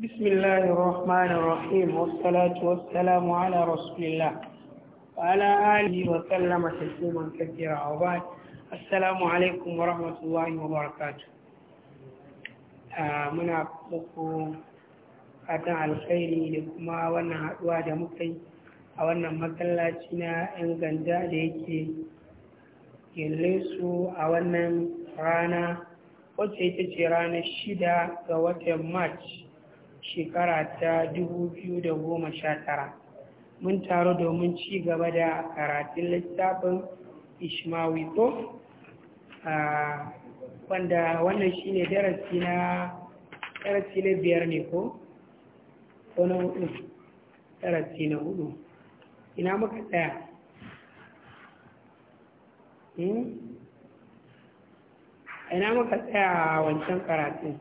بسم الله الرحمن الرحيم والصلاة والسلام على رسول الله وعلى آله وسلم تسليما كثيرا وبعد السلام عليكم ورحمة الله muna muku fatan alkhairi da kuma wannan haɗuwa da muka yi a wannan masallaci na 'yan ganda da yake su a wannan rana wacce ita ce ranar shida ga watan march shekara ta 2019 mun taru domin ci gaba da karatun littafin ishmawi ko wanda wannan shine darasi na darasi na biyar ne ko ko na hudu darasi na hudu ina muka tsaya hmm? ina muka tsaya wancan karatun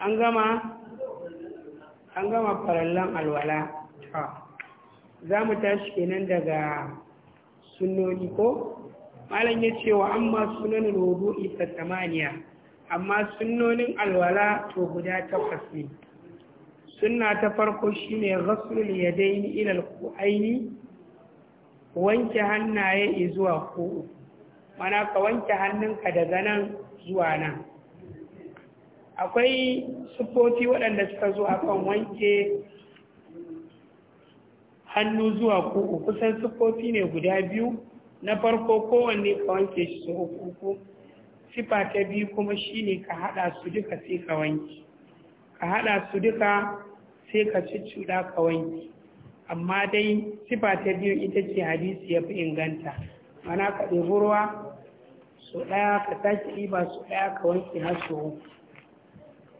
an gama an gama farallan alwala za mu tashi kenan daga sunnoni ko malam ya ce wa amma sunanin wudu'i ta tamaniya amma sunnonin alwala to guda takwas ne sunna ta farko shine ya yadaini ila al-qu'aini wanke hannaye zuwa ko. mana ka wanke hannunka daga nan zuwa nan akwai sifofi waɗanda suka zo a kan wanke hannu zuwa ko kusan sifofi ne guda biyu na farko kowanne ka wanke shi su uku sifa ta biyu kuma shine ka haɗa su duka sai ka wanke ka haɗa su duka sai ka cuda ka wanke amma dai sifa ta biyu ita ce hadisi ya fi inganta mana ka ɗebi ruwa so ɗaya ka sake ɗiba so ɗaya ka wanke har so uku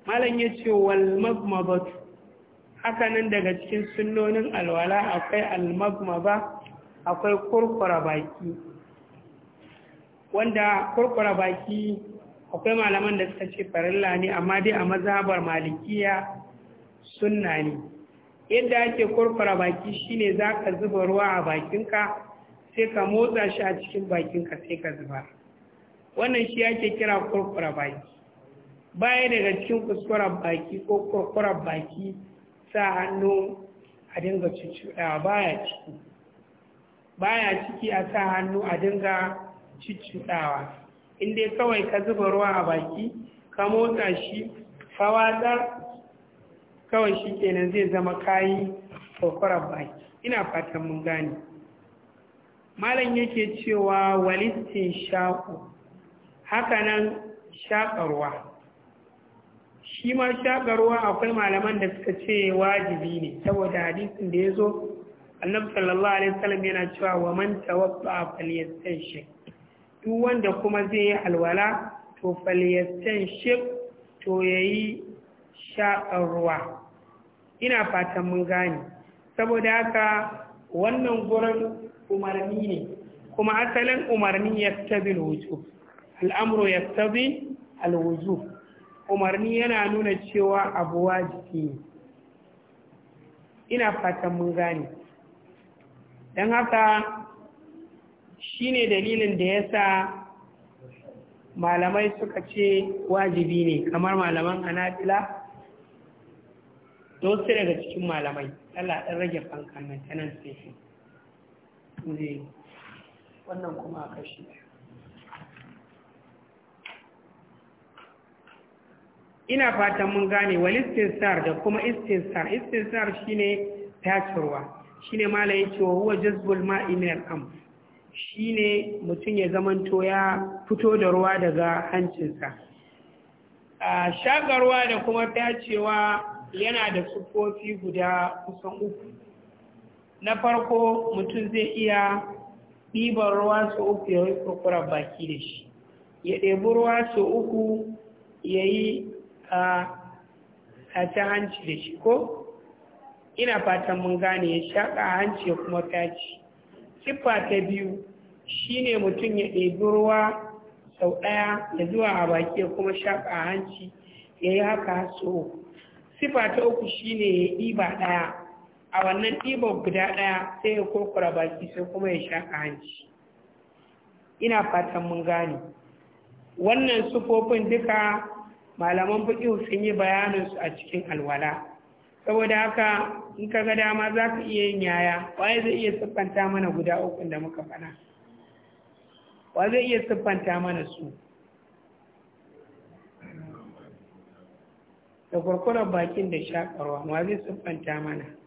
malam ya ce wal hakanan daga cikin sunonin alwala akwai almagmaba akwai kurkura baki wanda kurkura baki akwai malaman da suka ce farilla ne amma dai a mazhabar malikiya sunna ne yadda ake kurkura baki shine ka zuba ruwa a bakinka sai ka motsa shi a cikin bakinka sai ka zuba wannan shi ake kira kurkura baki baya daga cikin kuskuren baki ko kurkuren baki sa hannu a dinga cucuɗawa baya ciki baya ciki a sa hannu a dinga cucuɗawa in dai kawai ka zuba ruwa a baki ka motsa shi ka kawai shi kenan zai zama kayi kurkuren baki ina fatan mun gane malam yake cewa walistin shaƙu hakanan shaƙarwa shi ma shagarwa akwai malaman da suka ce wajibi ne saboda hadisin da ya zo annabi sallallahu alaihi wasallam yana cewa wa man tawaffa falyastanshik duk wanda kuma zai yi alwala to falyastanshik to yayi shagarwa ina fatan mun gane saboda haka wannan gurin umarni ne kuma asalin umarni ya tabi al'amuru ya tabi al'wujub umarni yana nuna cewa abu wajibi ne ina fatan mun gane don haka shi ne dalilin da ya sa malamai suka ce wajibi ne kamar malaman anabila to sai daga cikin malamai Allah dan rage fankan nan tanan sai shi wannan kuma a kashi ɗaya ina fatan mun gane wal star, da kuma istinsar istinsar shine tacirwa shine mala yace wa huwa jazbul ma'i min al-am ne mutum ya zamanto ya fito da ruwa daga hancinsa a shakarwa da kuma tacewa yana da sufofi guda kusan uku na farko mutum zai iya ɗiban ruwa su uku ya yi kurkurar baki da shi ya ɗebi ruwa su uku ya yi a ta hanci da shi ko ina fatan mun gane ya shaƙa hanci ya kuma taci siffa ta biyu shine mutum ya ɗebi ruwa sau ɗaya da zuwa a baki ya kuma shaƙa hanci ya yi haka so siffa ta uku shine ya ɗiba ɗaya a wannan ɗiban guda ɗaya sai ya kurkura baki sai kuma ya shaƙa hanci ina fatan mun gane wannan sufofin duka malaman fiqh sun yi bayanin su a cikin alwala saboda haka in ka ga dama za ka iya yin yaya waye zai iya siffanta mana guda uku da muka faɗa wa zai iya siffanta mana su da kwarkwarar bakin da shakarwa wa zai siffanta mana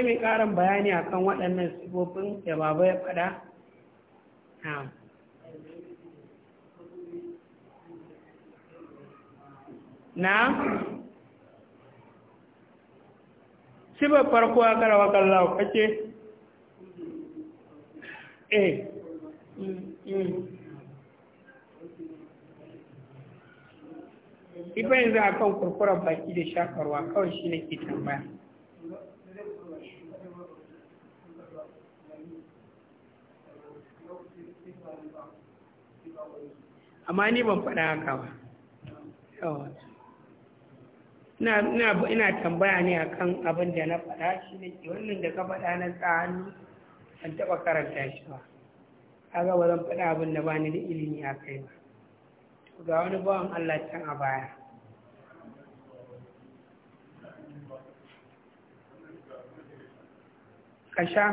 akwai mai karin bayani akan waɗannan sifofin da baba ya faɗa? na sifar farko a karawa kallawa kake eh ifa yanzu a kan kurkurar baki da shakarwa kawai shi ne ke tambaya amma ni ban faɗa haka ba ina tambaya ne akan abin da na faɗa shi ne ke wannan da ka faɗa na hannu ban taɓa karanta shi ba kaga ba zan faɗa abin da bani da ilimi a kai ba to ga wani bawan Allah can a baya kasha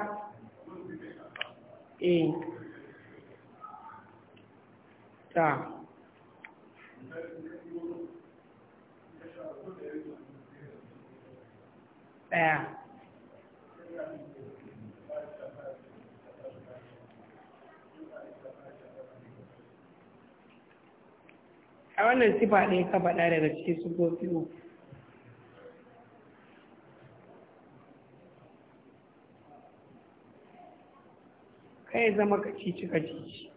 eh ta ɗaya a wannan sifa ɗaya ka faɗa daga cikin sufofi uku kai zama kacici kacici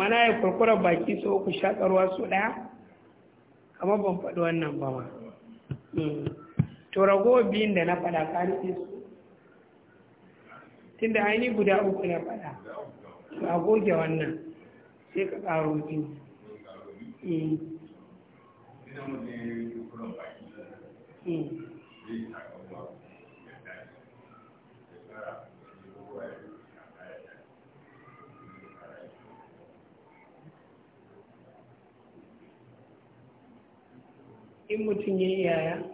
mana ya kurkura baki sau uku shakarwa su ɗaya kamar ban faɗi wannan ba ma hmm. to rago biyun da na faɗa ce su tun da aini guda uku na faɗa to a goge wannan sai ka ƙaro biyu Mm. in mutum ya yi yaya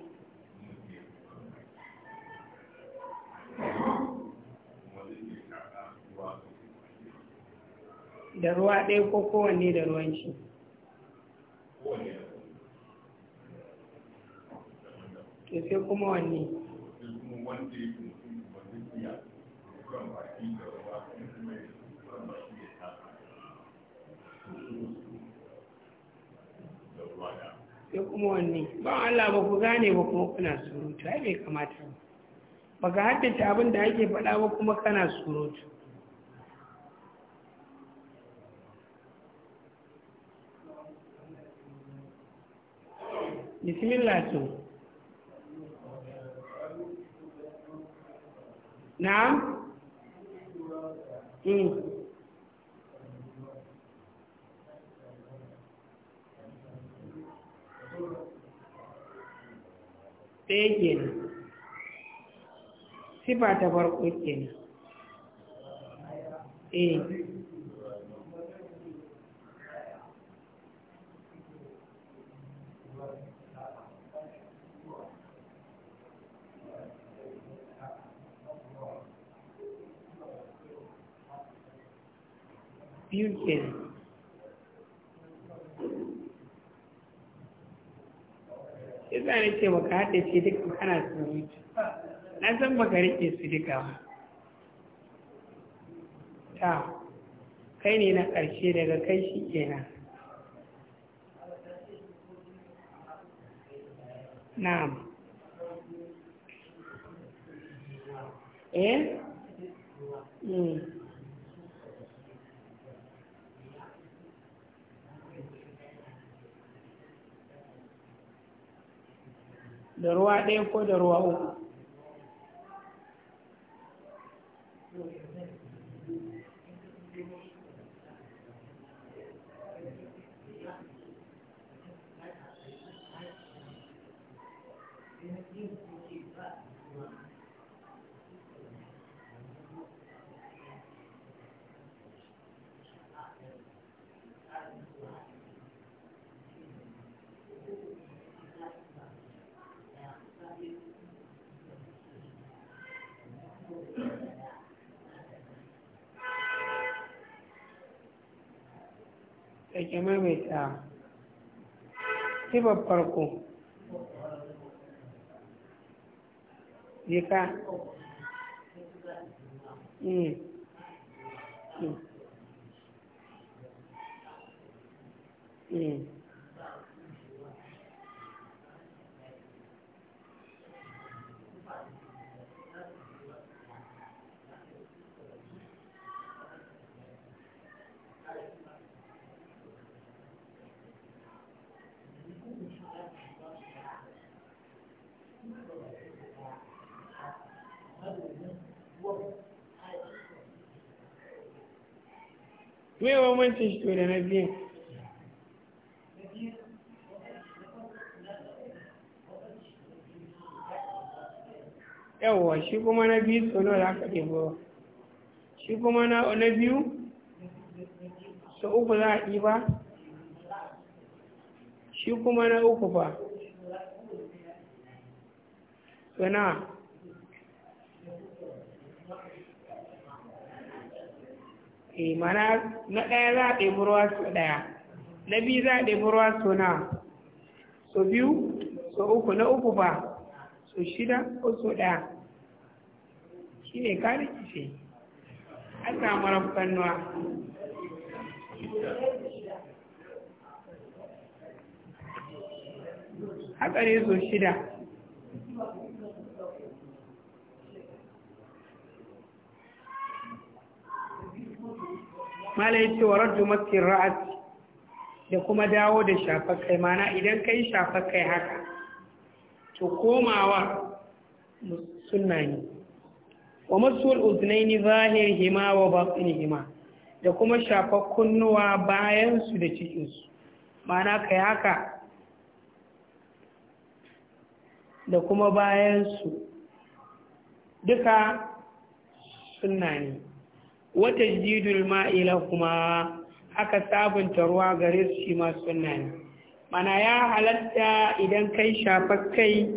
da ruwa ɗaya ko kowanne da ruwan shi ke sai kuma wanne sai kuma wanne ba Allah ba ku gane ba kuma kuna surutu ai bai kamata ba ba ga haddace abin da ake faɗa ba kuma kana surutu bismillah to na'am mm. ɗaya kenan sifa ta farko kenan eh biyu kenan yasa na ce baka haɗe ce duk kana surutu na san baka rike su duka ba ta kai ne na ƙarshe daga kai shi kenan na'am eh mm. da ruwa ɗaya ko da ruwa uku Thank you. sake maimaita sifar farko jika mm me ya bambancin shi to da na biyan yawwa shi kuma na biyu nawa za ka ɗebo shi kuma na biyu so uku za a ɗiba shi kuma na uku ba, so nawa eh mana na ɗaya za a ɗebi ruwa su ɗaya na biyu za a ɗebi ruwa su na so biyu so uku na uku ba so shida ko so ɗaya shi ne kare kishe an samu fannuwa haka ne so shida mala ya ce wa raddu maskin ra'asi da kuma dawo da shafar kai mana idan kai shafakai shafar kai haka to komawa sunna ne wa masul uznaini zahirihima wa batinihima da kuma shafar kunnuwa bayansu da cikinsu mana kai haka da kuma bayansu duka sunna ne wata jidul ma'ila kuma aka sabunta ruwa gare su shi ma suna ne mana ya halatta idan kai shafar kai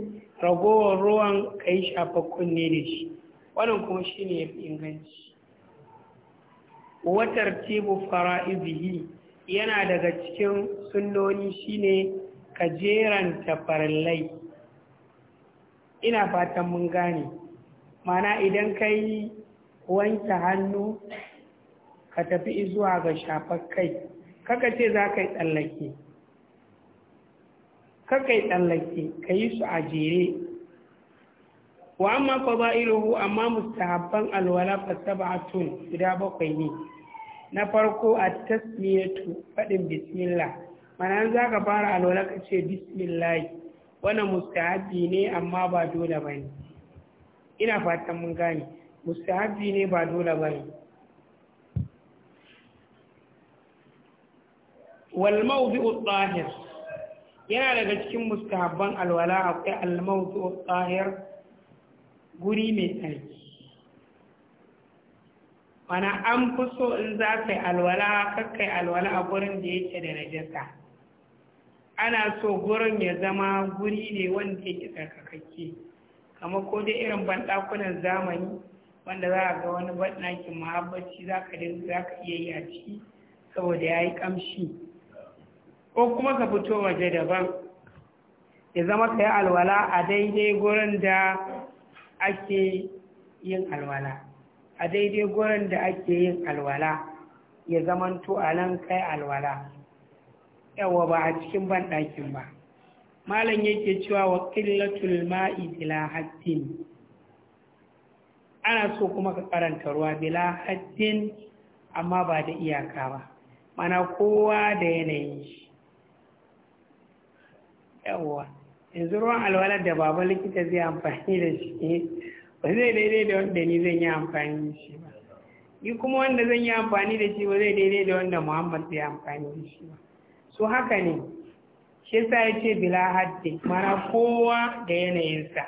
ragowar ruwan kai shafar kunne da shi wannan kuma shi ne inganci watar tibu fara'izihi yana daga cikin sunnoni shine ka jeranta farallai ina fatan mun gane mana idan kai wanke hannu ka tafi zuwa ga shafar kai kaka ce za ka yi tsallake kaka yi tsallake ka yi su a jere wa amma fa ba hu, amma mustahabban alwala fa sab'atun guda bakwai ne na farko a tasmiyatu faɗin bismillah mana za ka fara alwala ka ce bismillah wannan mustahabi ne amma ba dole ba ne ina fatan mun gane mustahabi ne ba dole ba ne walmauzi'u tsahir yana daga cikin mustahabban alwala akwai almauzi'u tsahir guri mai tsarki mana an fi so in za ka yi alwala kakkai alwala a gurin da yake da najasa ana so gurin ya zama guri ne wanda yake tsarkakakke kamar ko dai irin banɗakunan zamani wanda za a ga wani banɗakin mahabbaci za ka iya yi a ciki saboda ya yi ƙamshi ko kuma ka fito waje daban ya zama ka yi alwala a daidai gurin da ake yin alwala a daidai gurin da ake yin alwala ya zamanto a nan kai alwala yawa ba a cikin banɗakin ba malam yake cewa wa ƙillatul ma'i ila hattin ana so kuma ka karanta ruwa bila haddin amma ba da iyaka ba mana kowa da yanayin shi yawwa yanzu ruwan alwalar da baba likita zai amfani da shi ba zai daidai da wanda ni zan yi amfani da shi ba ni kuma wanda zan yi amfani da shi ba zai daidai da wanda muhammad zai amfani da shi ba so haka ne shi sa ya ce bila haddin mana kowa da yanayinsa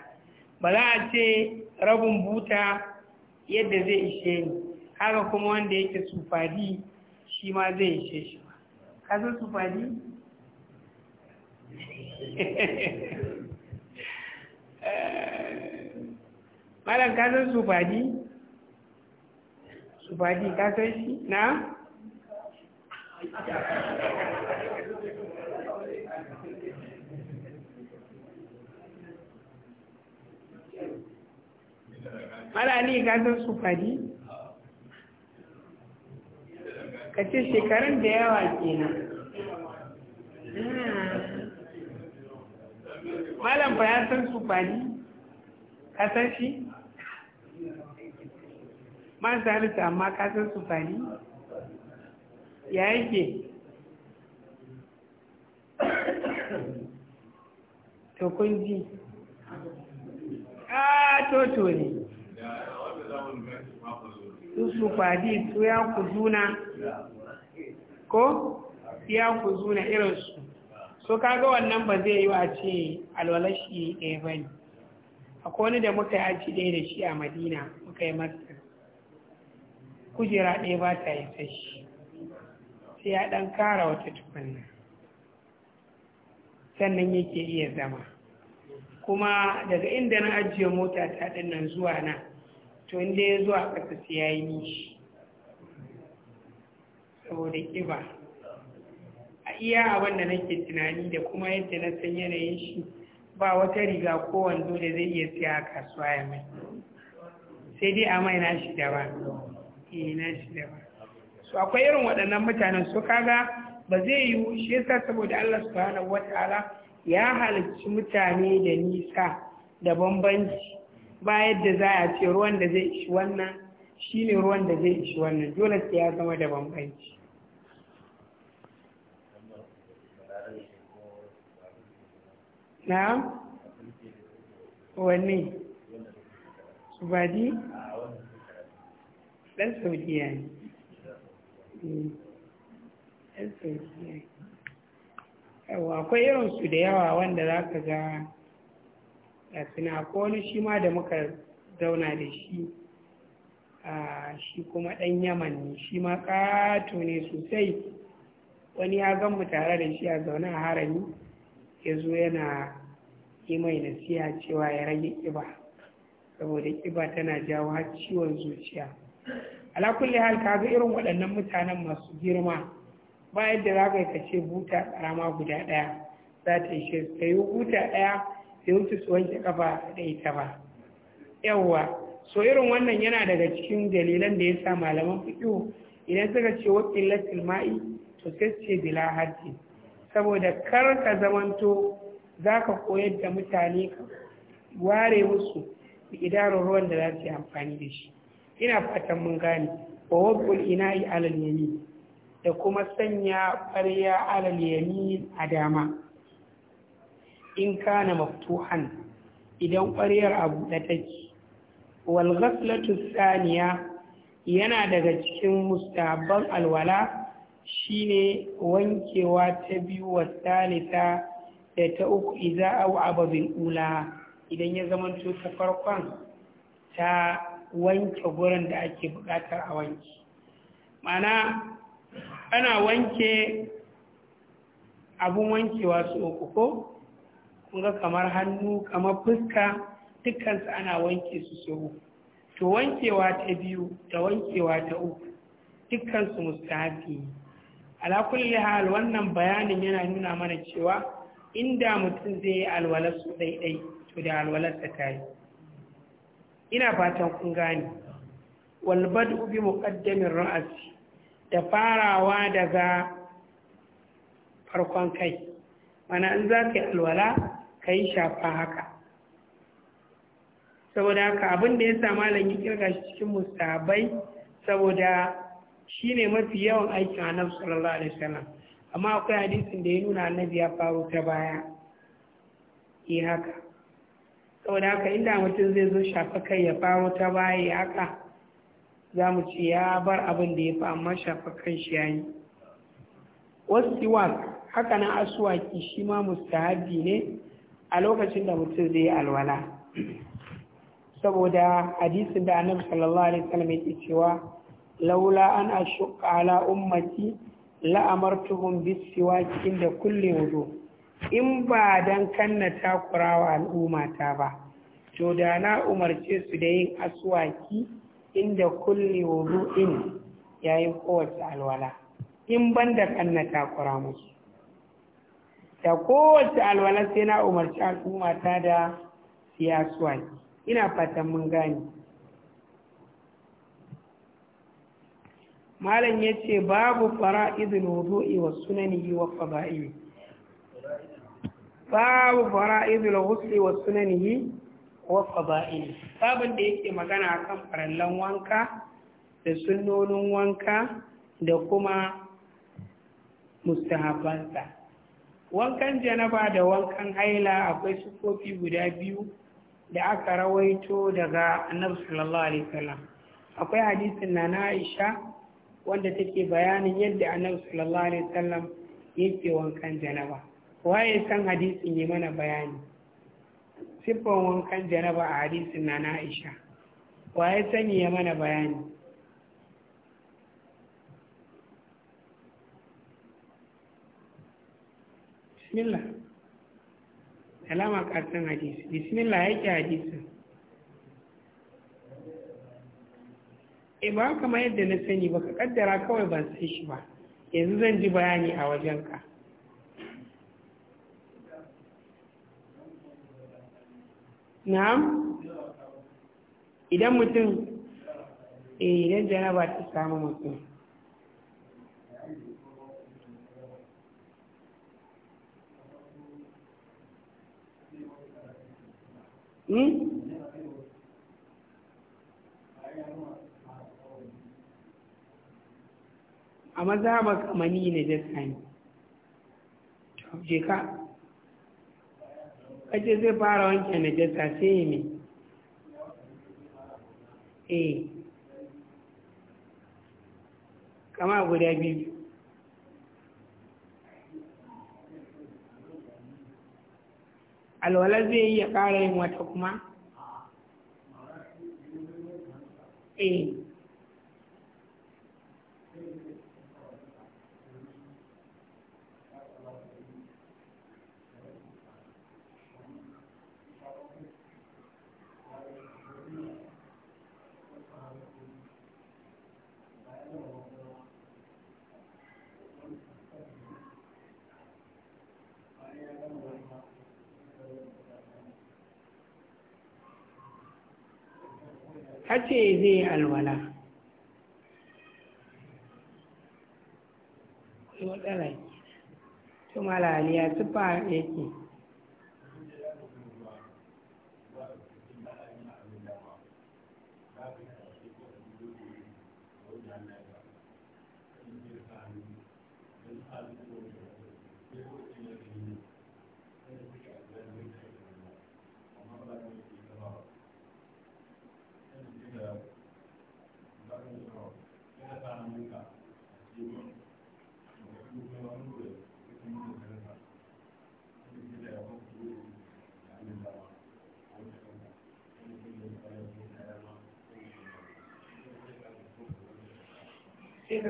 ba za a ce rabin buta yadda zai ishe ni haka kuma wanda yake sufadi shi ma zai ishe shi ba kasan sufadi malam kasan sufadi sufadi san shi na mara ne zan su fadi ka ce shekarun da yawa kenan hmm. malam ba ya san su fadi ka san shi man sarita amma ka san su fadi ya yake to kun ji a ah, toto ne su fadi su ya ku zuna ko ya ku zuna irinsu so kaga wannan ba zai yi wa ce alwalashi ɗaya ba ne akwai wani da muka yi aji ɗaya da shi a madina muka yi masar kujera ɗaya ba ta yi shi, sai ya ɗan kara wata tukunna sannan yake iya zama kuma daga inda na ajiye mota ta ɗin nan zuwa na. to inda ya zo a ƙasa sai ya yi nishi saboda ƙiba a iya abin da nake tunani da kuma yadda na san yanayin shi ba wata riga ko wando da zai iya siya a kasuwa ya mai sai dai a mai na shi daban eh na shi daban su akwai irin waɗannan mutanen su kaga ba zai yiwu shi yasa saboda Allah subhanahu ala ya halicci mutane da nisa da bambanci ba yadda za a ce ruwan da zai ishi wannan shi ne ruwan da zai ishi wannan dole sai ya zama da bambanci na'am wanne subadi dan saudiya ne hmm. dan saudiya ne akwai irinsu da yawa wanda za ka ga ga suna wani shi ma da muka zauna da shi shi kuma ɗan yaman ne shi ma ƙato ne sosai wani ya gan mu tare da shi a zaune a harami ya zo yana yi mai nasiha cewa ya rage ƙiba saboda ƙiba tana jawo har ciwon zuciya alakulli hal ka ga irin waɗannan mutanen masu girma ba yadda za ka ce buta ƙarama guda ɗaya za ta yi shi ta buta ɗaya bai wuce su wanke kafa da ita ba yawwa so irin wannan yana daga cikin dalilan da ya sa malaman fiƙo idan suka ce wa qillatil ma'i to sai ce bila haddi saboda kar ka zamanto zaka koyar da mutane ka ware musu idarar ruwan da za su yi amfani da shi ina fatan mun gane wa wabbul ina'i alal yamin da kuma sanya ƙarya alal yamin a dama in kana maftuhan idan ƙwariyar a buɗe take wal ghaslatu saniya yana daga cikin mustahabban alwala shine wankewa ta biyu wa salita da ta uku idza au ababin ula idan ya zamanto ta farkon ta wanke gurin da ake buƙatar a wanke mana ana wanke abun wankewa su uku ko kun ga kamar hannu kamar fuska dukkansu ana wanke su sau to wankewa ta biyu da wankewa ta uku dukkansu mustahabi ne ala kulli hal wannan bayanin yana nuna mana cewa inda mutum zai yi alwalar su to da alwalar ta tayi ina fatan kun gane wal bad'u bi muqaddamin ra'si da farawa daga farkon kai mana in za ka yi alwala ka yi shafa haka saboda haka abin da ya sa malam yi kirga shi cikin mustahabai saboda shi ne mafi yawan aikin annabi sallallahu alaihi wasallam amma akwai hadisin da ya nuna annabi ya faru ta baya yi haka saboda haka inda mutum zai zo shafa kai ya faru ta baya ya haka za mu ce ya bar abin da ya fi amma shafa kan shi ya yi wasu haka na asuwaki shi ma mustahabi ne a lokacin da mutum zai alwala saboda hadisin da annabi sallallahu alaihi wasallam yake cewa laula an ashqa ala ummati la amartuhum bis inda kulli wudu in ba dan kanna takurawa al'ummata ba to da na umarce su da yin aswaki inda kulli in yayin kowace alwala in banda kanna takura musu da kowace alwala sai na umarci al'umma ta da siyasuwa ina fatan mun gane malam ya ce babu fara'idul wudu'i wa yi wa faba'i babu fara'idul ghusli wa yi wa faba'i babin da yake magana a kan farallan wanka da sunonin wanka da kuma mustahabansa wankan janaba da wankan haila akwai sufofi guda biyu da aka rawaito daga annabi sallallahu alaihi wasallam akwai hadisin na Aisha wanda take bayanin yadda annabi sallallahu alaihi wasallam yake wankan janaba waye san hadisin yi mana bayani Sifon wankan janaba a hadisin na Aisha waye sani ya mana bayani bismillah alama karshen hadisi bismillah yake hadisi e ba kama yadda na sani ba ka kaddara kawai ban sai shi ba yanzu zan ji bayani a wajenka na'am idan mutum eh, idan ba ta samu mutum Hmm? a ba mani ne jasa ne je ka kace zai fara wanke na jasa sai ya mai eh kama guda biyu alwala zai yi ya ƙara yin wata kuma eh kace zai alwala kai matsala to malali ya tufa yake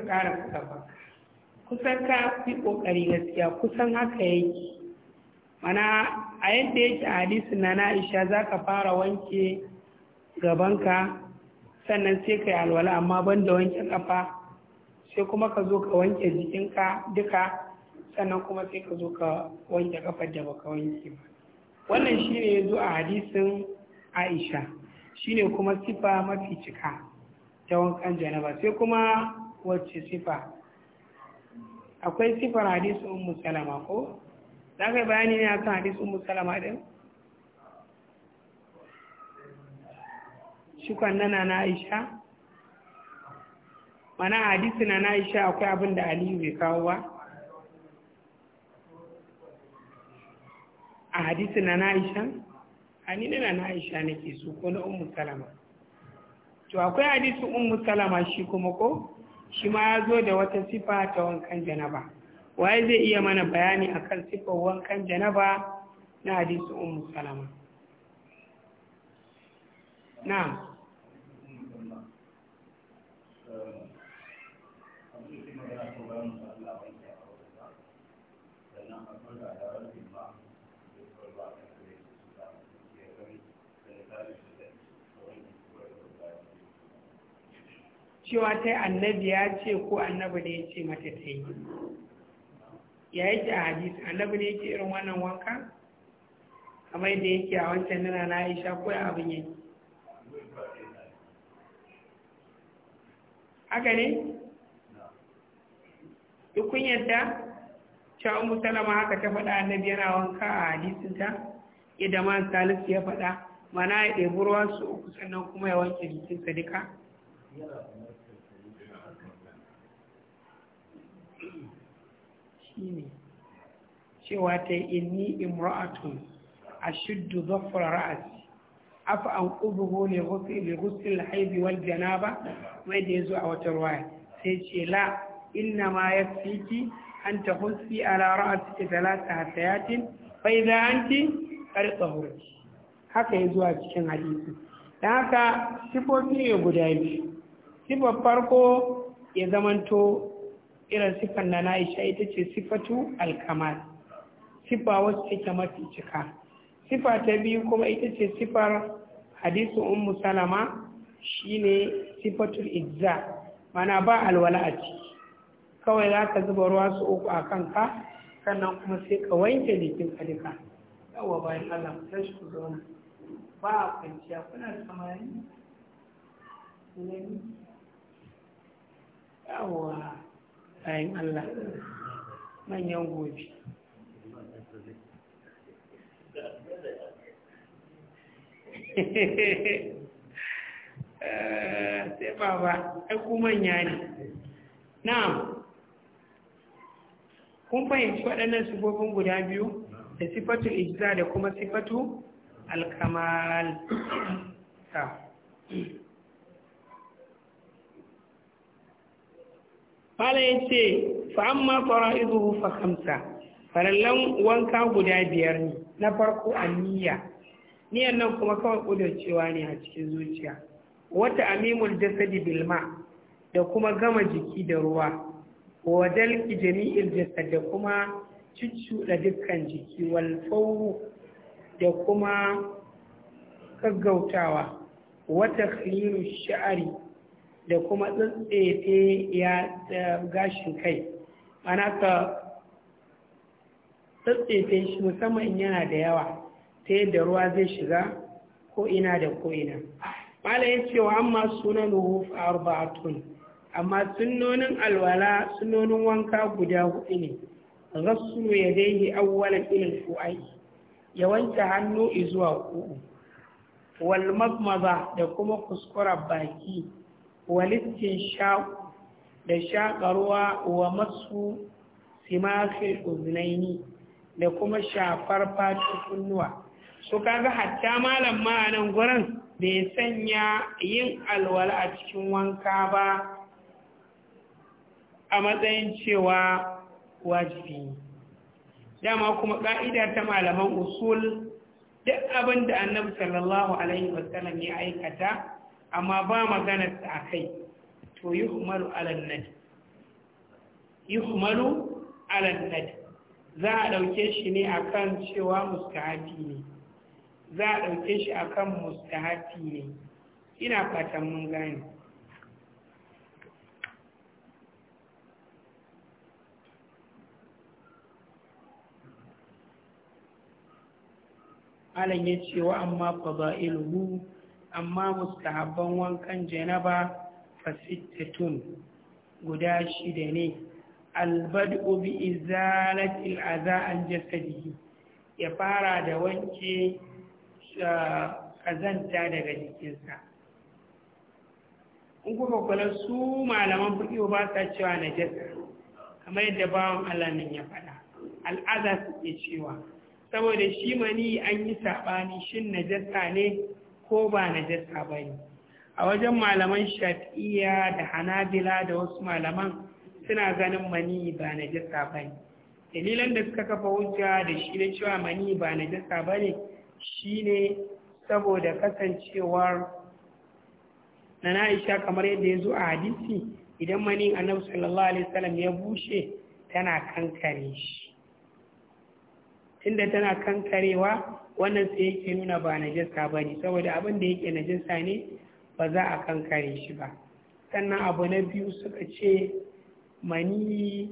ka ƙara kuɗa ba kusan ka fi ƙoƙari gaskiya kusan haka yake mana a yadda yake a hadisin na isha za ka fara wanke gabanka sannan sai ka yi alwala amma ban da wanke kafa sai kuma ka zo ka wanke jikinka duka sannan kuma sai ka zo ka wanke kafar da baka wanke ba wannan shi ya zo a hadisin aisha ne kuma sifa mafi cika ta wankan janaba sai kuma wacce sifa akwai sifar hadisu ummu salama ko za ka yi bayani ne akan hadisu ummu salama din shi nana na aisha mana hadisu na aisha akwai abin da aliyu bai kawo ba a hadisu na aisha a ni na aisha nake su ko na ummu salama to akwai hadisu ummu salama shi kuma ko shi ma ya zo da wata sifa ta wankan janaba waye zai iya mana bayani akan sifar wankan janaba na hadisi ummu salama na'am cewa ta annabi ya ce ko annabi ne ya ce mata ta yi ya yake a hadisi annabi ne yake irin wannan wanka kamar yadda yake a wancan nuna na aisha ko ya abin yi haka ne duk kun yadda cewa umu salama haka ta faɗa annabi yana wanka a hadisinta yadda man salisu ya faɗa mana ya ɗebi ruwan su uku sannan kuma ya wanke jikinsa duka shine cewa ta inni imra'atun ashiddu dhafra ra'asi, afa an ƙubu li ne li ghusl al-hayd wal janaba mai da zo a wata ruwaya sai ce la inna ma ya fiki an ta lara cikin ala a thalatha bai fa idza ci qad tahurti haka ya zuwa cikin hadisi da haka sifofi ne guda biyu sifar farko ya zamanto irin siffar na na isha ita ce sifatu alkamal siffa wacce take mafi cika siffa ta biyu kuma ita ce siffar hadisu ummu salama shine sifatul izza mana ba alwala a ciki kawai za ka zuba ruwa su uku a kanka sannan kuma sai ka wanke jikin ka duka yawa bayan allah ta shi ku zauna ba a kwanciya kuna samari yawa bayan Allah manyan gobe eh, sai baba ku manya ne na'am kun fahimci waɗannan sifofin guda biyu da sifatu ijza da kuma sifatu alkamal ta Fala ya ce, fa'amma izu rufa kamsa, farallan wanka guda biyar ne, na farko niyya. Niyyar nan kuma kawai cewa ne a cikin zuciya. Wata amimul jasadi bilma da kuma gama jiki da ruwa, wa dalki da kuma da dukkan jiki wal da kuma gaggautawa wata khiliru sha'ari da kuma tsintsefe ya gashin kai ana ka tsintsefe shi musamman yana da yawa ta yadda ruwa zai shiga ko ina da ko ina mala ya ce wa amma sunan ruhuf arba'atun amma sunonin alwala sunonin wanka guda hudu ne rassulu ya dai awwalan ilal fu'ai ya wanke hannu zuwa ku wal da kuma kuskura baki walittin shaƙu da shaƙarwa wa masu simakil uznaini da kuma shafar fatu kunnuwa su kaga hatta malam ma nan gurin bai sanya yin alwala a cikin wanka ba a matsayin cewa wajibi dama kuma ƙa'ida ta malaman usul duk abin da annabi sallallahu alaihi wasallam ya aikata amma ba maganarsa a kai to yi umaru alannad yi umaru alannad za a ɗauke shi ne a kan cewa mustahafi ne za a ɗauke shi a kan mustahafi ne ina fatan mun gane Alan ya ce wa amma fada'iluhu amma mustahabban wankan janaba fasittatun guda shida ne albad'u bi izalati aza an jasadihi ya fara da wanke ah, kazanta daga jikinsa in kuma kula su malaman fuki ba sa cewa na jasa kamar yadda bawan alamin ya faɗa al'aza suke cewa saboda shi mani an yi saɓani shin najasa ne ko ba najasa ba ne a wajen malaman shafi'iya da hanabila da wasu malaman suna ganin mani ba najasa ba ne dalilan da suka kafa hujja da shi na cewa mani ba najasa ba ne shine saboda kasancewar na na'isha kamar yadda ya zo a hadisi idan mani annabi sallallahu alaihi wasallam ya bushe tana kankare shi tunda tana kankarewa wannan sai yake nuna ba najasa ba ne saboda abin da yake najasa ne ba za a kankare shi ba sannan abu na biyu suka ce mani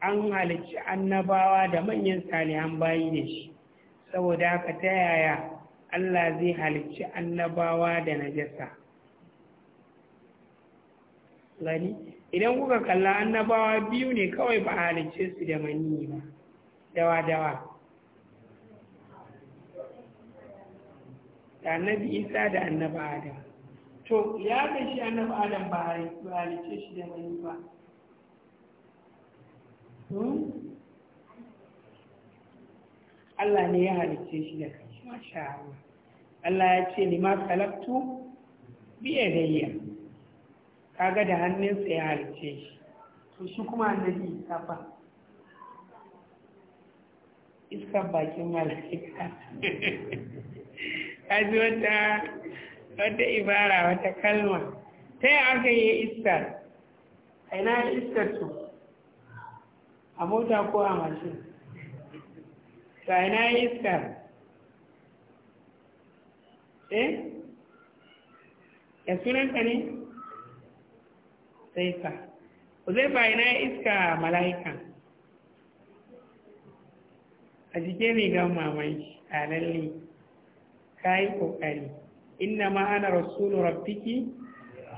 an halicci annabawa da manyan salihan bayi da shi saboda haka ta yaya Allah zai halicci annabawa da najasa gani idan kuka kalla annabawa biyu ne kawai ba a halicce su da mani ba dawa-dawa da annabi isa da annabi adam to ya ga shi annabi adam ba halice shi da mai ba hmm? Allah ne ya halice shi da kai masha Allah Allah ya ce ni ma kalaktu biya da yiya kaga da hannunsa ya halice shi to shi kuma annabi isa fa iskar bakin mala'ika kaji wata wata ibara wata kalma ta yi aka yi iskar a ina yi iskar su a mota ko a mashin ta ina yi iskar eh ya sunanka ne sai ka zai ba ina yi iska mala'ikan a jike mai gama mamaki a lalle kai kokari inna ma ana rasulu rabbiki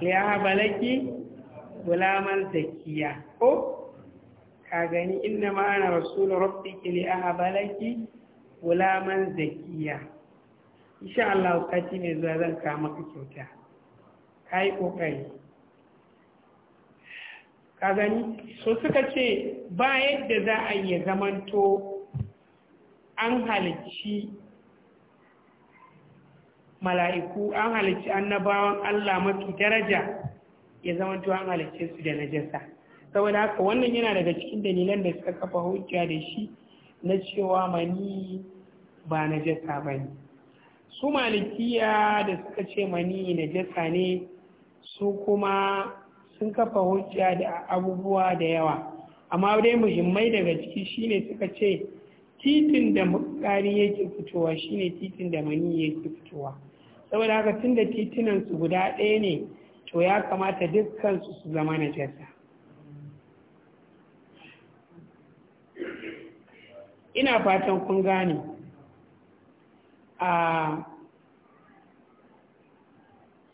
ya balaki gulaman zakiya ko ka gani inna ma ana rasulu rabbiki ya balaki gulaman zakiya insha Allah kaci mai zuwa zan kawo maka kyauta ka yi ka gani so suka ce ba yadda za a yi zamanto an halicci mala'iku an halicci annabawan Allah mafi daraja ya zama an halicce su da najasa saboda haka wannan yana daga cikin dalilan da suka kafa hujja da shi na cewa mani ba najasa ba ne su malikiya da suka ce mani najasa ne su kuma sun kafa hujja da abubuwa da yawa amma dai muhimmai daga ciki shine suka ce titin da mukari yake fitowa shine titin da mani yake fitowa saboda haka tun da titunan su guda ɗaya ne to ya kamata dukkan su su zama na jasa ina fatan kun gane a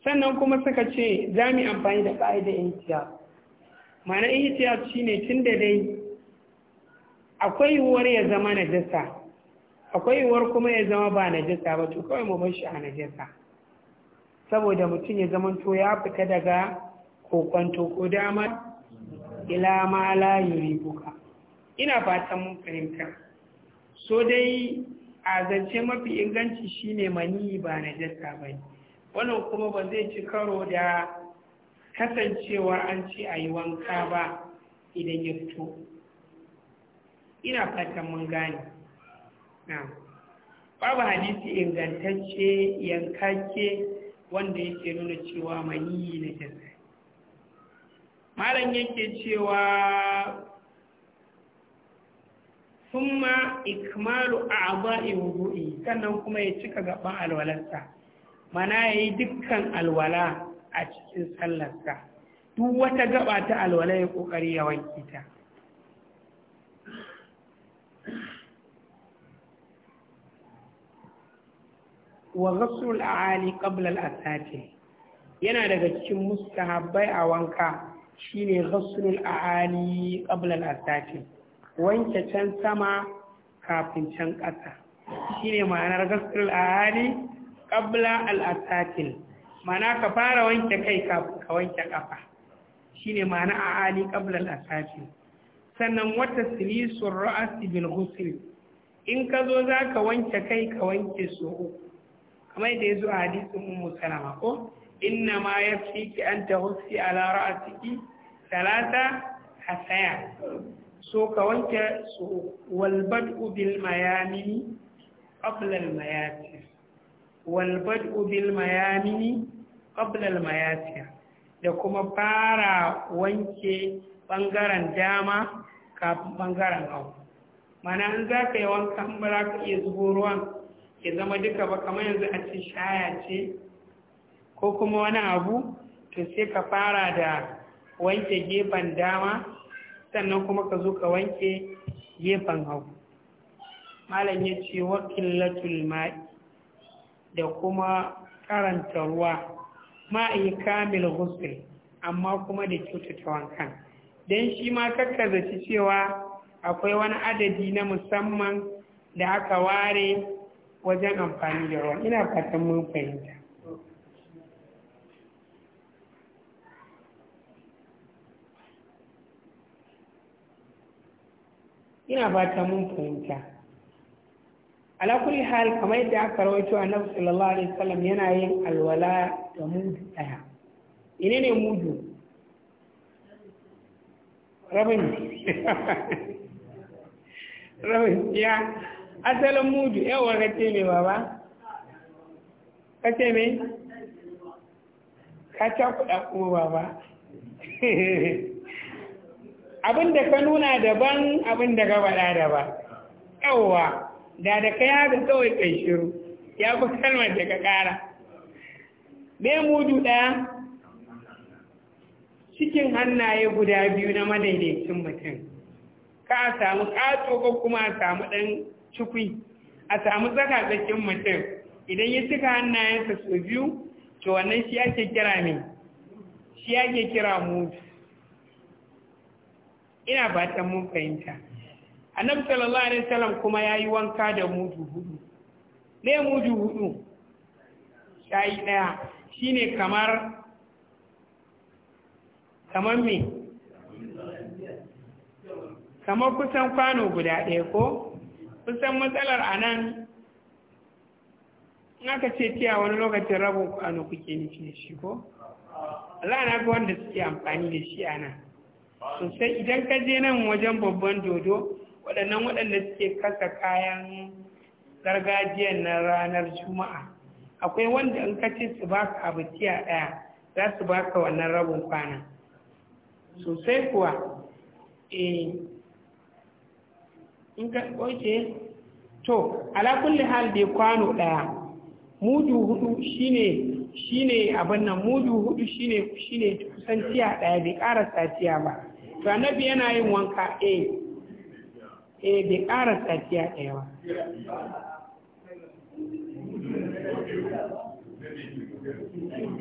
sannan kuma suka ce za mu amfani da ƙa'idar ihtiyar ma'ana shi shine tun da dai akwai yiwuwar ya zama na jasa. akwai yiwuwar kuma ya zama ba na jasa ba to kawai mu bar shi a na jasa. saboda mutum ya zamanto ya fita daga kokwanto ko dama ila ma la buka. ina fatan mun fahimta so dai a zance mafi inganci shine mani ba na jasa ba wannan kuma ba zai ci karo da kasancewa an ci a yi wanka ba idan ya fito ina fatan mun gane na babu hadisi ingantacce yankakke wanda yake nuna cewa maniyi na jinsi malam yake cewa summa ikmalu aba'i wudu'i sannan kuma ya cika gaban alwalarsa mana ya yi dukkan alwala a cikin sallarsa duk wata gaba ta alwala ya kokari ya wanki ta wa ghassul aali qabla al-asati yana daga cikin mustahabbai a wanka shine ghassul aali qabla al-asati wanke can sama kafin can ƙasa shine ma'anar ghassul aali qabla al-asati ma'ana ka fara wanke kai kafin ka wanke ƙafa shine ma'ana aali qabla al-asati sannan wata silisur ra'asi bil ghusl in ka zo za ka wanke kai ka wanke su uku kamar yadda ya zo a hadisin ummu salama ko inna ma ya ki an tahussi ala ciki? talata hasaya so ka wanke su walbad ubil mayamini qabla mayatir walbad ubil mayamini qabla mayatir da kuma fara wanke bangaren dama kafin bangaren hau mana an za ka yi wankan ba za ka iya zubo ruwan ya zama duka ba kamar yanzu a ci shaya ce ko kuma wani abu to sai ka fara da wanke gefen dama sannan kuma ka zo ka wanke gefen hagu malam ya ce wakilatul ma'i da kuma karanta ruwa ma'i kamil gusul. amma kuma da kyautata wankan don shi ma da cewa akwai wani adadi na musamman da aka ware wajen amfani da ruwan ina fatan mun fahimta ina fatan mun fahimta ala kulli hal kamar yadda aka rawaito annabi sallallahu alaihi wasallam yana yin alwala da mudu daya ine ne mudu rabin rabin ya asalin mudu yawa ka me baba ka me ka ta kuɗa kuma baba abin da ka nuna daban abin da ka faɗa daban yawa da da ka haka kawai kai shiru ya fi kalmar da ka ƙara me mudu ɗaya cikin hannaye guda biyu na madaidaicin mutum ka samu ƙato ko kuma a samu ɗan cikwi a samu tsaka tsakin mutum idan ya cika hannayensa su biyu to wannan shi ake kira ne shi ake kira mutu ina ta mun fahimta annabi sallallahu alaihi wasallam kuma yayi wanka da mutu hudu ne mutu hudu shayi daya shine kamar kamar me kamar kusan kwano guda ɗaya ko kusan matsalar a nan aka ce tiya wani lokacin rabin kwano kuke nufi da shi ko Allah na ga wanda suke amfani da shi a nan sosai idan ka je nan wajen babban dodo waɗannan waɗanda suke kasa kayan gargajiyar na ranar juma'a akwai wanda in ka ce su ka abu tiya ɗaya za su baka wannan rabin kwana sosai kuwa eh in ka oke to ala kulli hal dai kwano ɗaya mudu hudu shine shine abin nan mudu hudu shine shine kusan tiya ɗaya bai ƙara satiya ba to annabi yana yin wanka eh eh bai ƙara satiya ɗaya ba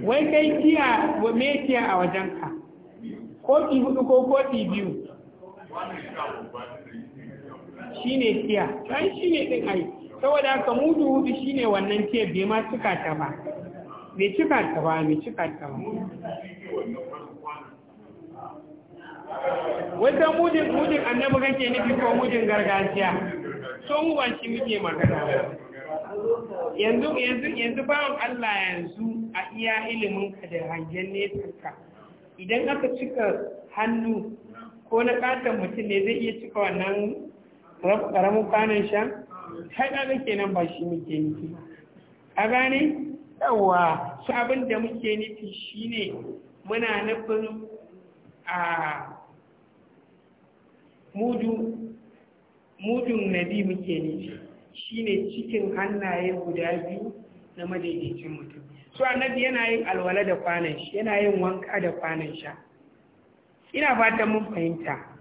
wai kai tiya me tiya a wajenka kofi hudu ko kofi biyu shine tiya ai shine din ai saboda haka mudu hudu shine wannan ke bai ma cika ta ba bai cika ta ba bai cika ta ba wata mudin mudin annabi kake nufi ko mudin gargajiya so mu ba shi muke magana yanzu yanzu yanzu bawan Allah yanzu a iya ilimin ka da hangen ne nesarka idan aka cika hannu ko na katon mutum ne zai iya cika wannan ƙaramin kwanan shan ke kenan ba shi muke nufi a gane yawa su abin da muke nufi shine muna nufin a mudun nabi muke nufi shine cikin hannaye guda biyu na madaidaicin mutum su annabi yana yin alwala da kwanan shi yana yin wanka da kwanan sha ina fatan mun fahimta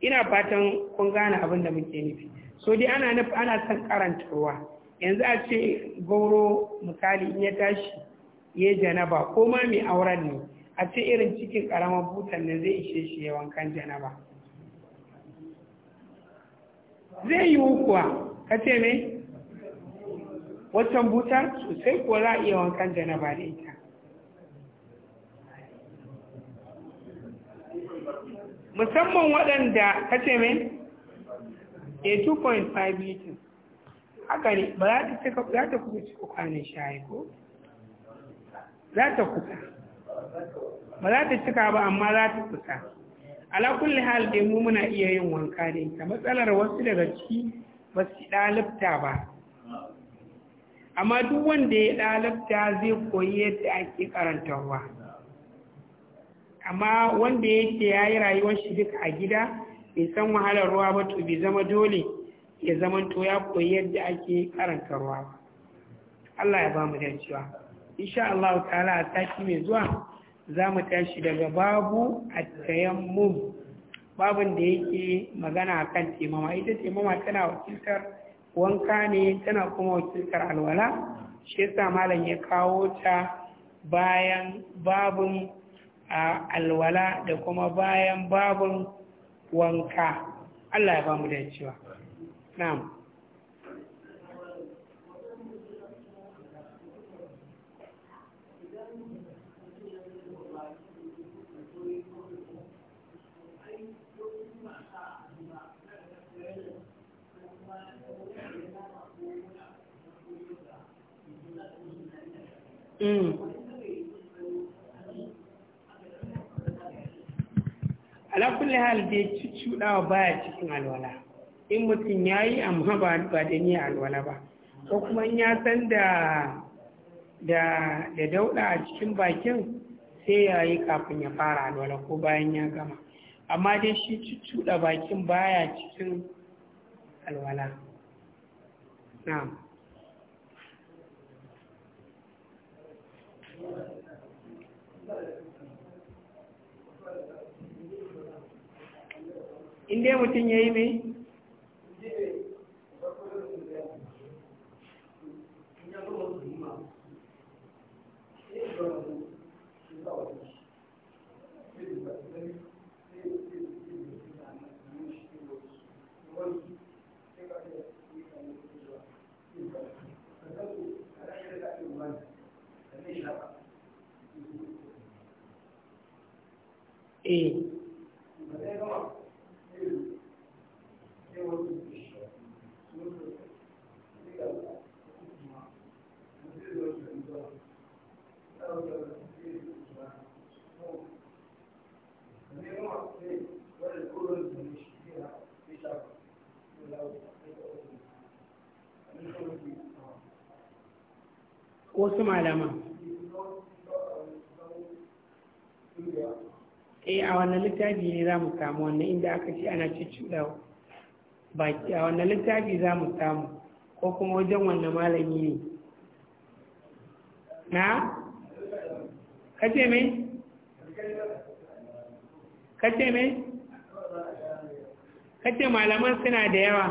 ina fatan kun gane abin da muke nufi so dai ana nufi ana son karantarwa yanzu a ce goro misali in ya tashi ya janaba ko ma mai auren ne a ce irin cikin karamar butan ne zai ishe shi ya wankan janaba zai yi kuwa ka ce mai? waccan butar sosai ko za a iya wankan janaba da ita musamman waɗanda ka ce mai a 2.5 litin haka ne ba za ta cika za ta kwanan shayi ko za ta kuka ba za ta cika ba amma za ta kuka. alakulli kulli hal dai mu muna iya yin wanka ne. ta matsalar wasu daga ciki ba su ɗalibta ba amma duk wanda ya ɗalibta zai koyi yadda ake karanta ruwa amma wanda yake ya yi rayuwar shi duka a gida bai san wahalar ruwa ba to bai zama dole ya zama to ya koyi yadda ake karanta ruwa Allah ya ba mu dacewa insha Allah ta'ala a taki mai zuwa za mu tashi daga babu a tayammum babin da yake magana kan taimama ita taimama tana wakiltar wanka ne tana kuma wakiltar alwala shi yasa malam ya kawo ta bayan babin a alwala da kuma bayan babin wanka Allah ya ba mu da cewa na'am Mm. ala kulli hal dai ba baya cikin alwala in mutum ya yi amma ba ba da ni alwala ba ko kuma in ya san da da da dauda a cikin bakin sai ya yi kafin ya fara alwala ko bayan ya gama amma dai shi cuccuda bakin baya cikin alwala na'am in dai mutum ya yi mai wasu malaman eh a wannan littafi ne za mu samu wannan inda aka ce ana cuccuɗa baki a wannan littafi za mu samu ko kuma wajen wannan malami ne na kace mai kace mai kace malaman suna da yawa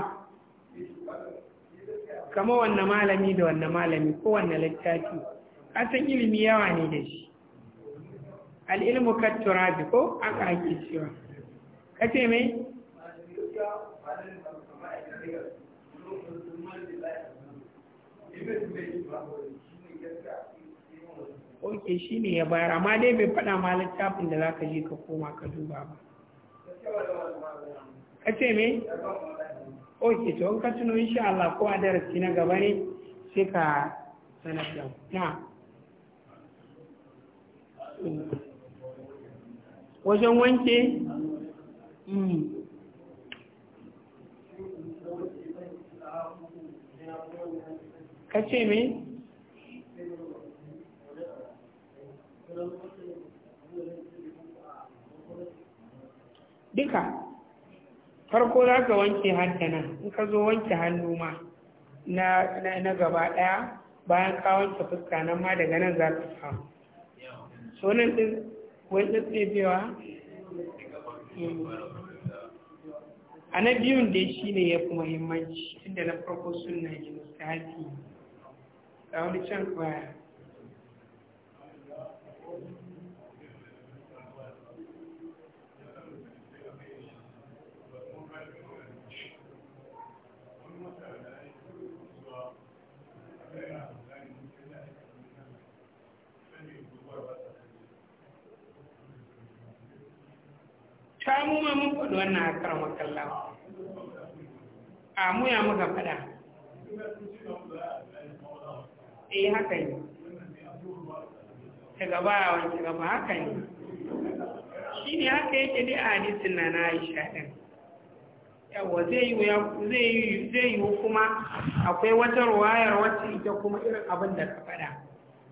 kama wanne malami da wanne malami ko wanne littafi san ilimi yawa ne da shi al'ilmu katturabi ko aka ake cewa kace mai ok shi ne ya bayar amma dai bai faɗa ma littafin da za ka je ka koma ka duba ba ka ce me ok to in ka tuno insha Allah ko a darasi na gaba ne sai ka sanar da na wajen wanke hmm. ka ce me? duka farko za ka wanke hannu nan in ka zo wanke hannu ma na gaba ɗaya bayan ka wanke fuska nan ma daga nan za ka samu so nan ɗin wani tsatsefewa hmm. a na biyun dai shi ne ya fi muhimmanci inda na farko suna yi mustahabi ga wani can kwaya kamu ma mun faɗi wannan a karamar kallawa a muya muka faɗa eh haka ne daga baya wanke gaba haka yi shi ne haka yake dai a hadisin na na aisha ɗin yawa zai yi kuma akwai wata ruwayar wacce ita kuma irin abin da ka faɗa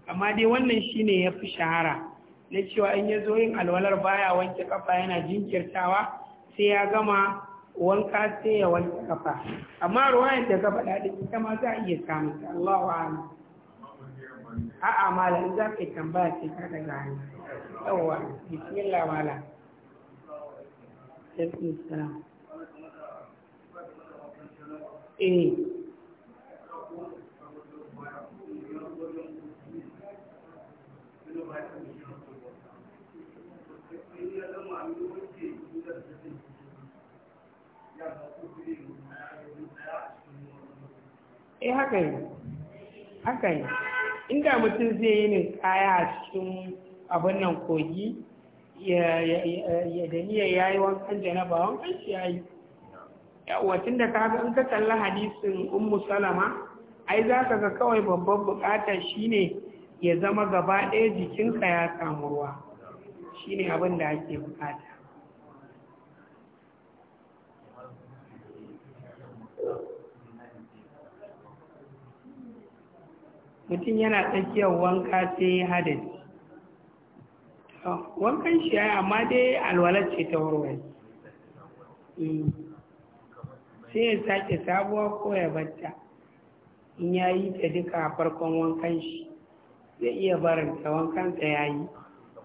amma dai wannan shi ne ya fi shahara na cewa in ya zo yin alwalar baya wanke kafa yana jinkirtawa sai ya gama wanka sai ya wanke kafa amma ruwayan da gaba faɗa ɗin ita ma za a iya samun ta Allahu a'lam a'a malam za ka yi tambaya sai ka daga hannu yawwa bismillah mala eh Thank you. eh haka yi haka yi inda mutum zai yi ne kaya a cikin abin nan kogi ya da ya yi wankan janaba wankan shi ya yi yawacin da kaga in ka kalla hadisin ummu salama ai za ka ga kawai babban bukata shine ya zama gaba ɗaya jikinka ya samu ruwa shine abin da ake bukata mutum yana tsakiyar wanka sai ya hadari wankan shi ya amma dai alwalar ce ta warware mm. sai ya sake sabuwa ko ya batta in ya yi ta duka a farkon wankan shi zai iya wankan wankansa ya yi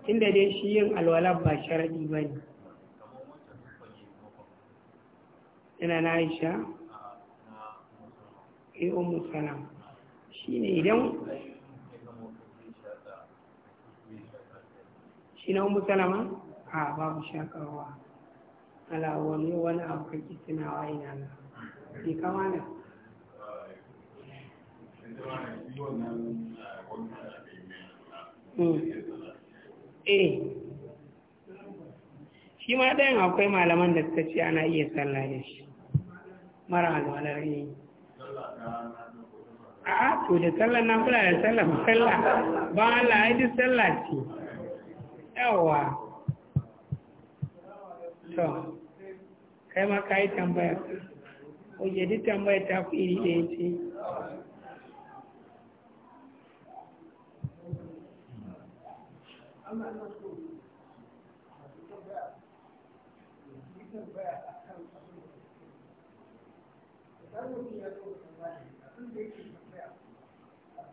inda dai shi yin alwalar ba sharaɗi ba ne ina na aisha eh, umu salama ne idan shi na umu salama a babu shakarwa ala wani wani abu kake tunawa ina na ke kama na eh shi ma ɗayan akwai malaman da suka ce ana iya sallah da shi mara alwalar yi eh. a to da sallar na kula da sallar sallah ba Allah ai duk sallah ce yawa to kai ma ka yi tambaya oye di tambaya ta ku iri ɗaya ce Allah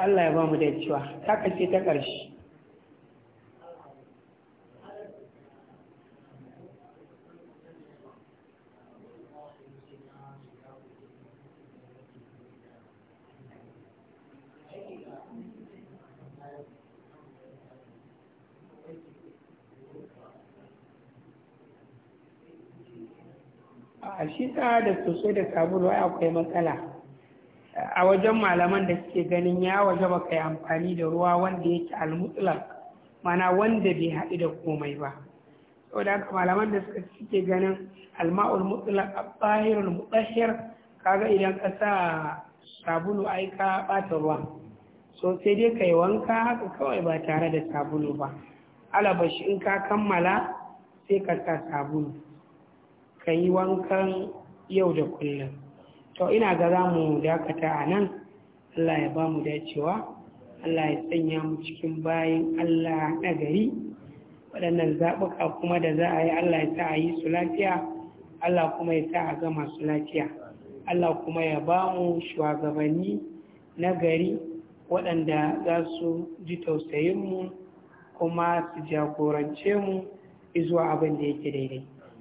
Allah ya ba mu da cewa ta ƙarshe ta ƙarshe Ka da sosai da sabulu wai akwai matsala a wajen malaman da suke ganin ya waje ba kai amfani da ruwa wanda yake almutlak mana wanda bai haɗu da komai ba saboda haka malaman da suka suke ganin alma'ul mutlak abahirul mutahhir kaga idan ka sa sabulu ai ka bata ruwa so sai dai kai wanka haka kawai ba tare da sabulu ba alabashi in ka kammala sai ka sa sabulu ka yi wankan yau da kullum to ina ga za mu dakata a nan allah ya ba mu dacewa allah ya sanya mu cikin bayan allah na gari waɗannan zaɓuka kuma da za a yi allah ya sa a yi su lafiya allah kuma ya sa a gama su lafiya allah kuma ya ba mu shugabanni na gari waɗanda za su ji tausayinmu kuma su jagorance mu izuwa abin da yake daidai